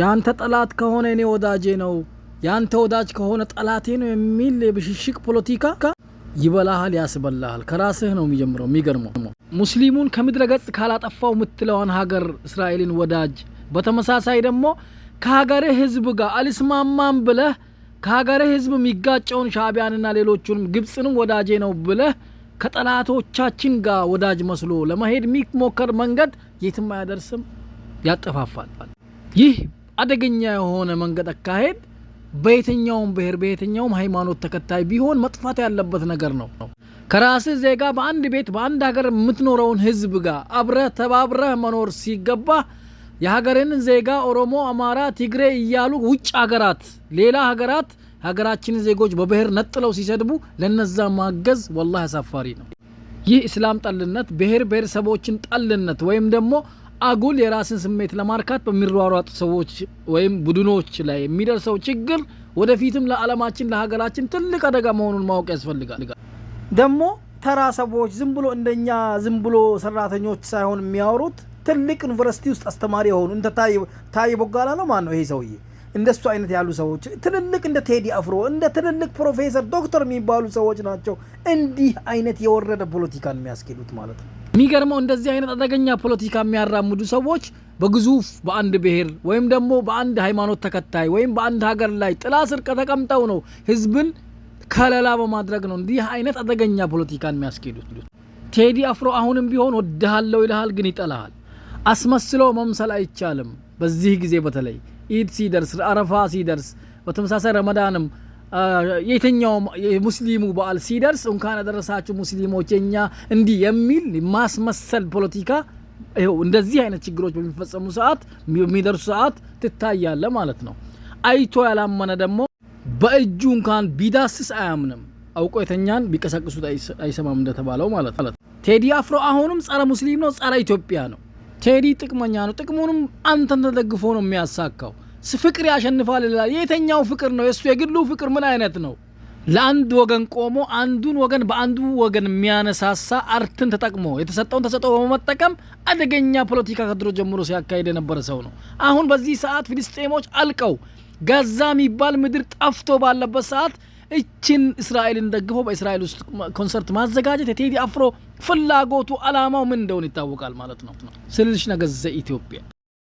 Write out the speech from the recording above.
ያንተ ጠላት ከሆነ እኔ ወዳጄ ነው፣ ያንተ ወዳጅ ከሆነ ጠላቴ ነው የሚል የብሽሽቅ ፖለቲካ ይበላሃል፣ ያስበላሃል። ከራስህ ነው የሚጀምረው። የሚገርመው ሙስሊሙን ከምድረ ገጽ ካላጠፋው የምትለዋን ሀገር እስራኤልን ወዳጅ፣ በተመሳሳይ ደግሞ ከሀገርህ ህዝብ ጋር አልስማማም ብለህ ከሀገርህ ህዝብ የሚጋጨውን ሻቢያንና ሌሎቹንም ግብፅንም ወዳጄ ነው ብለህ ከጠላቶቻችን ጋር ወዳጅ መስሎ ለመሄድ የሚሞከር መንገድ የትም አያደርስም፣ ያጠፋፋል። ይህ አደገኛ የሆነ መንገድ አካሄድ በየትኛውም ብሔር በየትኛውም ሃይማኖት ተከታይ ቢሆን መጥፋት ያለበት ነገር ነው። ከራስህ ዜጋ በአንድ ቤት በአንድ ሀገር የምትኖረውን ህዝብ ጋር አብረህ ተባብረህ መኖር ሲገባ የሀገርን ዜጋ ኦሮሞ፣ አማራ፣ ትግሬ እያሉ ውጭ ሀገራት ሌላ ሀገራት ሀገራችን ዜጎች በብሔር ነጥለው ሲሰድቡ ለነዛ ማገዝ ወላ አሳፋሪ ነው። ይህ እስላም ጠልነት ብሔር ብሔረሰቦችን ጠልነት ወይም ደግሞ አጉል የራስን ስሜት ለማርካት በሚሯሯጡ ሰዎች ወይም ቡድኖች ላይ የሚደርሰው ችግር ወደፊትም ለዓለማችን ለሀገራችን ትልቅ አደጋ መሆኑን ማወቅ ያስፈልጋል። ደግሞ ተራ ሰዎች ዝም ብሎ እንደኛ ዝም ብሎ ሰራተኞች ሳይሆን የሚያወሩት ትልቅ ዩኒቨርሲቲ ውስጥ አስተማሪ የሆኑ እንደ ታዬ ቦጋላ ነው። ማን ነው ይሄ ሰውዬ? እንደሱ አይነት ያሉ ሰዎች ትልልቅ እንደ ቴዲ አፍሮ እንደ ትልልቅ ፕሮፌሰር ዶክተር የሚባሉ ሰዎች ናቸው እንዲህ አይነት የወረደ ፖለቲካን የሚያስኬዱት ማለት ነው። የሚገርመው እንደዚህ አይነት አደገኛ ፖለቲካ የሚያራምዱ ሰዎች በግዙፍ በአንድ ብሔር ወይም ደግሞ በአንድ ሃይማኖት ተከታይ ወይም በአንድ ሀገር ላይ ጥላ ስር ተቀምጠው ነው ህዝብን ከለላ በማድረግ ነው እንዲህ አይነት አደገኛ ፖለቲካን የሚያስኬዱት። ቴዲ አፍሮ አሁንም ቢሆን ወድሃለው ይልሃል፣ ግን ይጠላሃል። አስመስሎ መምሰል አይቻልም። በዚህ ጊዜ በተለይ ኢድ ሲደርስ፣ አረፋ ሲደርስ፣ በተመሳሳይ ረመዳንም የትኛው ሙስሊሙ በዓል ሲደርስ እንኳን አደረሳችሁ ሙስሊሞች የኛ እንዲህ የሚል ማስመሰል ፖለቲካ ይኸው እንደዚህ አይነት ችግሮች በሚፈጸሙ ሰዓት በሚደርሱ ሰዓት ትታያለ ማለት ነው። አይቶ ያላመነ ደግሞ በእጁ እንኳን ቢዳስስ አያምንም። አውቆ የተኛን ቢቀሰቅሱት አይሰማም እንደተባለው ማለት ነው። ቴዲ አፍሮ አሁንም ጸረ ሙስሊም ነው፣ ጸረ ኢትዮጵያ ነው። ቴዲ ጥቅመኛ ነው። ጥቅሙንም አንተን ተደግፎ ነው የሚያሳካው። ፍቅር ያሸንፋል ይላል። የተኛው ፍቅር ነው? የእሱ የግሉ ፍቅር ምን አይነት ነው? ለአንድ ወገን ቆሞ አንዱን ወገን በአንዱ ወገን የሚያነሳሳ አርትን ተጠቅሞ የተሰጠውን ተሰጠው በመጠቀም አደገኛ ፖለቲካ ከድሮ ጀምሮ ሲያካሄድ የነበረ ሰው ነው። አሁን በዚህ ሰዓት ፊልስጤሞች አልቀው ጋዛ የሚባል ምድር ጠፍቶ ባለበት ሰዓት እችን እስራኤልን ደግፎ በእስራኤል ውስጥ ኮንሰርት ማዘጋጀት የቴዲ አፍሮ ፍላጎቱ፣ አላማው ምን እንደሆነ ይታወቃል ማለት ነው። ስልሽ ነገዘ ኢትዮጵያ